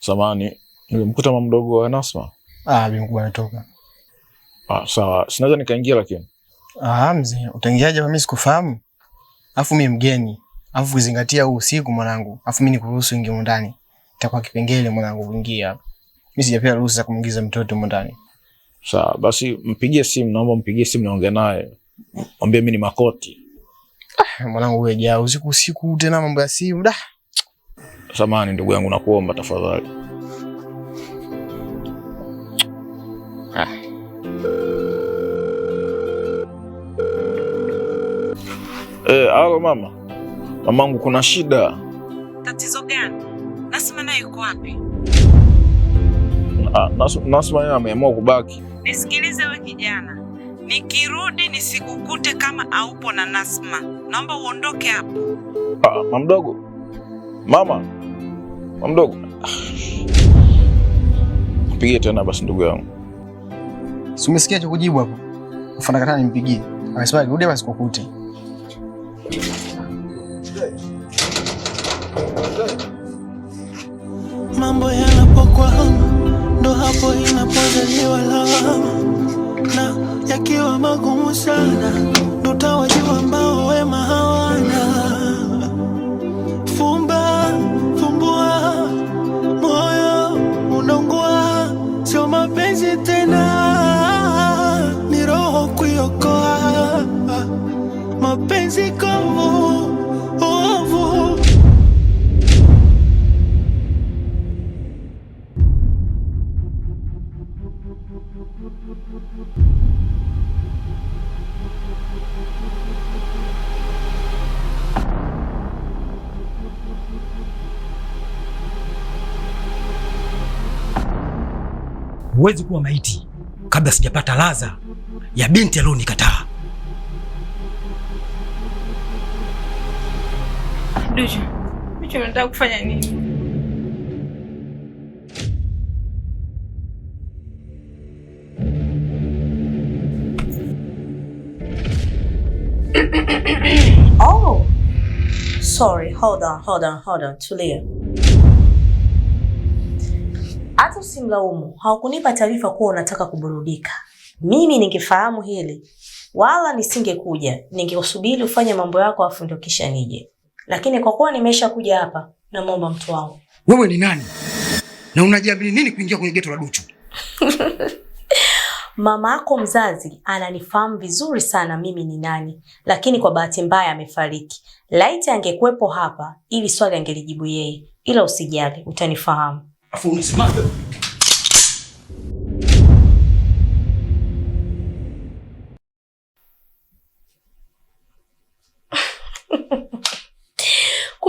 Samani, nilimkuta mama mdogo wa Nasma. Ah, bimkuwa anatoka. Ah, sawa. Sinaweza nikaingia lakini. Ah, mzee, utaingiaje mimi sikufahamu? Alafu mimi mgeni. Alafu kuzingatia huu usiku mwanangu. Alafu mimi nikuruhusu ingie ndani. Itakuwa kipengele mwanangu kuingia. Mimi sijapewa ruhusa kumuingiza mtoto ndani. Sawa, basi mpigie simu, naomba mpigie simu naongea naye. Mwambie mimi ni Makoti. Ah, mwanangu wewe jaa usiku usiku tena mambo ya simu. Dah. Samani ndugu yangu, nakuomba tafadhali. Ah. Eh, alo mama. Mamangu kuna shida. Tatizo gani? Nasma naye yuko wapi? Ah, Nasma yeye ameamua kubaki. Nisikilize wewe kijana. Nikirudi nisikukute kama aupo na Nasma. Naomba uondoke hapo. Ah, mamdogo. Mama Mdogo, mpigie tena basi ndugu yangu. Si umesikia cha kujibu hapo? Mfanyakazi nimpigie. Amesema rudi basi kukute. Mambo yanapokwama ndo hapo inapozaliwa lawama, na yakiwa magumu sana ndo utawajiwa ambao wema hawana mapenzi Huwezi kuwa maiti kabla sijapata laza ya binti alionikataa Duchu, hicho unataka kufanya nini? Oh. Sorry, hold on, hold on, hold on. Tulia. Hata usimlaumu, haukunipa taarifa kuwa unataka kuburudika. Mimi ningefahamu hili wala nisingekuja, ningekusubiri ufanye mambo yako afu ndio kisha nije lakini kwa kuwa nimesha kuja hapa, namwomba mtu wangu. Wewe ni nani na unajiamini nini kuingia kwenye geto la Duchu? Mama yako mzazi ananifahamu vizuri sana mimi ni nani, lakini kwa bahati mbaya amefariki. Laiti angekuwepo hapa, ili swali angelijibu yeye, ila usijali, utanifahamu. Afu unisimame.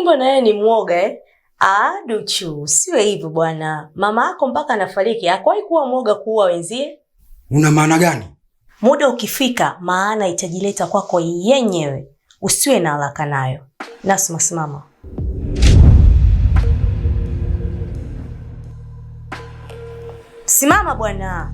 Mjomba naye ni mwoga eh? Ah, Duchu, usiwe hivyo bwana. Mama yako mpaka anafariki hakuwahi kuwa mwoga kuua wenzie. Una maana gani? Muda ukifika, maana itajileta kwako yenyewe, usiwe na haraka nayo. Nasma, simama. Simama bwana.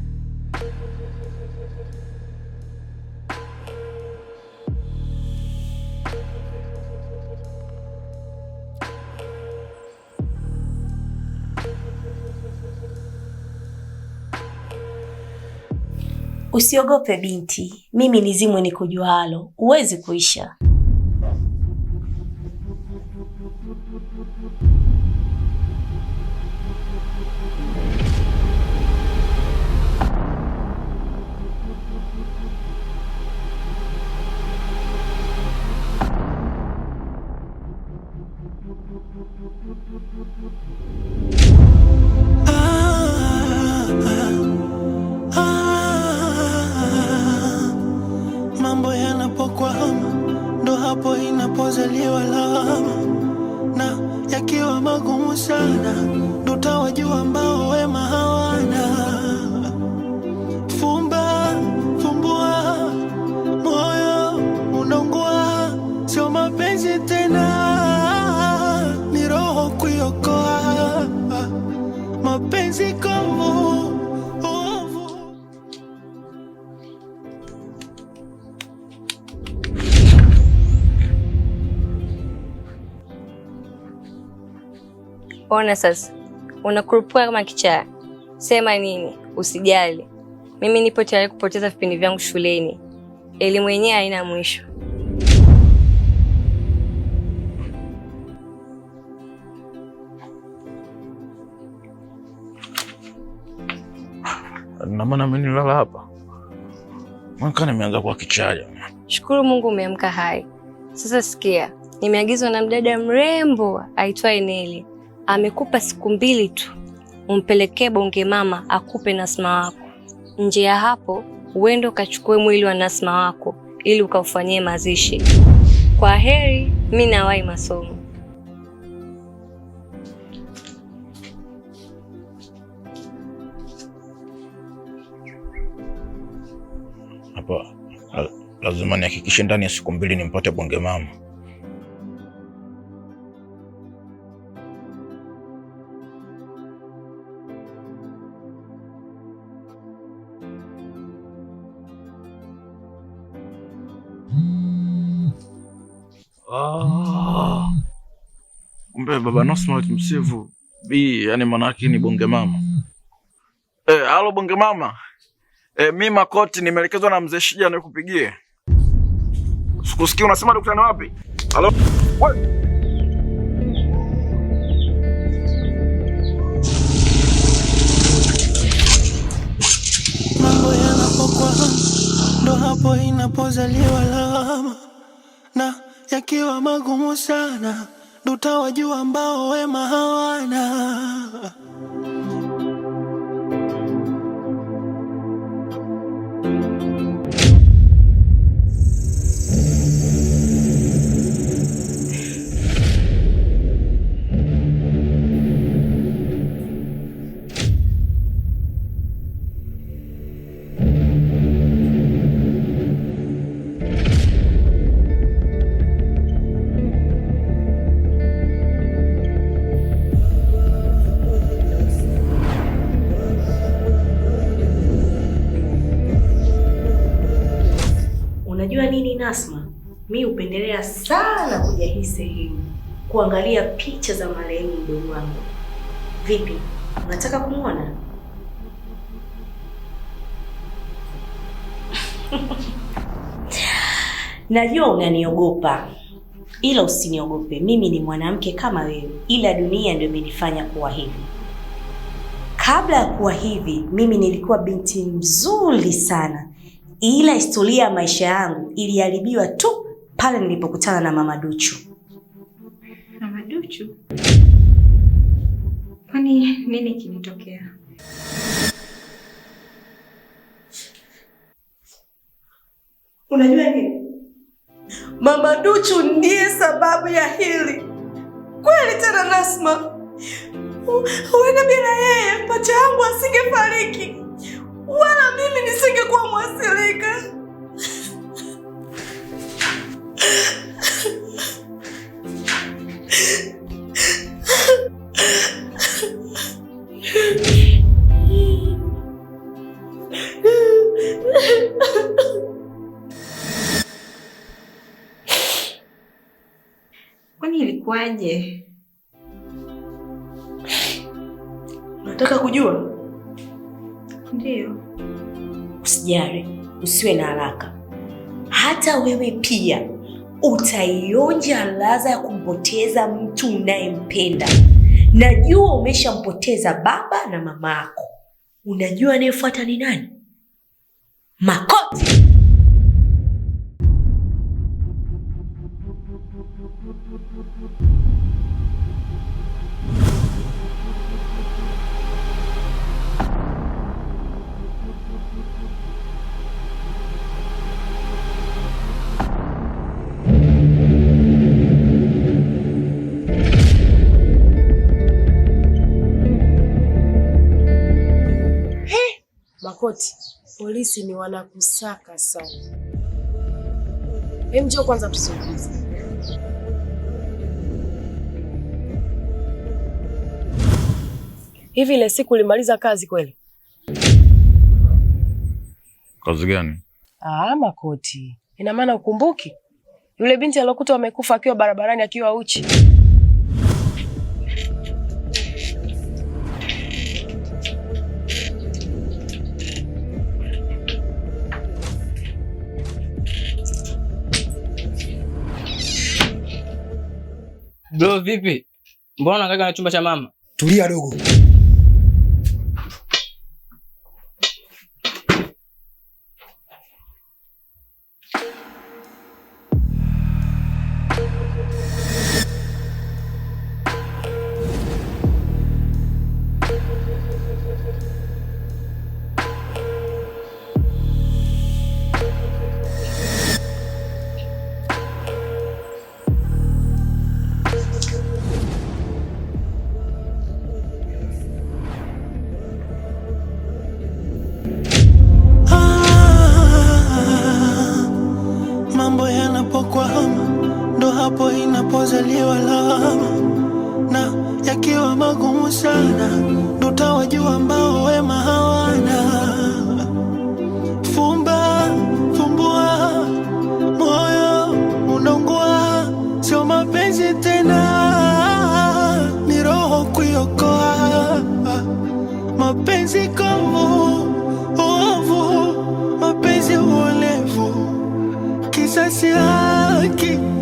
Usiogope binti, mimi ni zimwe ni kujualo, huwezi kuisha. kuzaliwa lawama, na yakiwa magumu sana mba Ona sasa unakurupuka kama kichaa. Sema nini? Usijali, mimi nipo tayari kupoteza vipindi vyangu shuleni. Elimu yenyewe haina mwisho. Na maana mimi nilala hapa mwaka, nimeanza kuwa kichaa. Shukuru Mungu umeamka hai. Sasa sikia, nimeagizwa na mdada mrembo aitwaye Neli amekupa siku mbili tu, umpelekee bonge mama akupe Nasma wako. Nje ya hapo uende ukachukue mwili wa Nasma wako ili ukaufanyie mazishi. Kwa heri, mi nawahi masomo. Hapa lazima nihakikishe ndani ya siku mbili nimpate bonge mama. Kumbe baba Nosma akimsifu bi, yani manake ni bonge mama. Eh, halo bonge mama. Eh, mimi Makoti nimeelekezwa na mzee Shija nikupigie. Sikusikii unasema dukutane wapi? Halo. Wewe mambo yanapokuwa ndo hapo inapozaliwa lawama, na yakiwa magumu sana Tutawajua ambao wema hawana. Unajua nini Nasma, mi hupendelea sana kuja hii sehemu kuangalia picha za marehemu mdogo wangu. Vipi, unataka kumwona? Najua unaniogopa, ila usiniogope. Mimi ni mwanamke kama wewe, ila dunia ndio imenifanya kuwa hivi. Kabla ya kuwa hivi, mimi nilikuwa binti mzuri sana ila historia ya maisha yangu iliharibiwa tu pale nilipokutana na Mama Duchu. Mama Duchu? Kwani nini kimetokea? Unajua nini? Mama Duchu ndiye sababu ya hili. Kweli tena Nasma, huenda bila yeye pacha yangu asingefariki wala mimi nisingekuwa mwasilika. Kwani ilikuwaje? Nataka kujua. Ndiyo. Usijali, usiwe na haraka. Hata wewe pia utaionja ladha ya kumpoteza mtu unayempenda. Najua umeshampoteza baba na mama yako. Unajua anayefuata ni nani? Makoti. ripoti, polisi ni wanakusaka sana. Hem, njoo kwanza tusungumze. Hivi ile siku ulimaliza kazi kweli? Kazi gani? Ah, Makoti, ina maana ukumbuki yule binti aliokuta amekufa akiwa barabarani akiwa uchi? vipi? Mbona unakaa na chumba cha mama? Tulia dogo. watu ambao wema hawana. Fumba fumbua, moyo unaungua, sio mapenzi tena, ni roho kuiokoa. Mapenzi kovu, ovu mapenzi uolevu, kisasi haki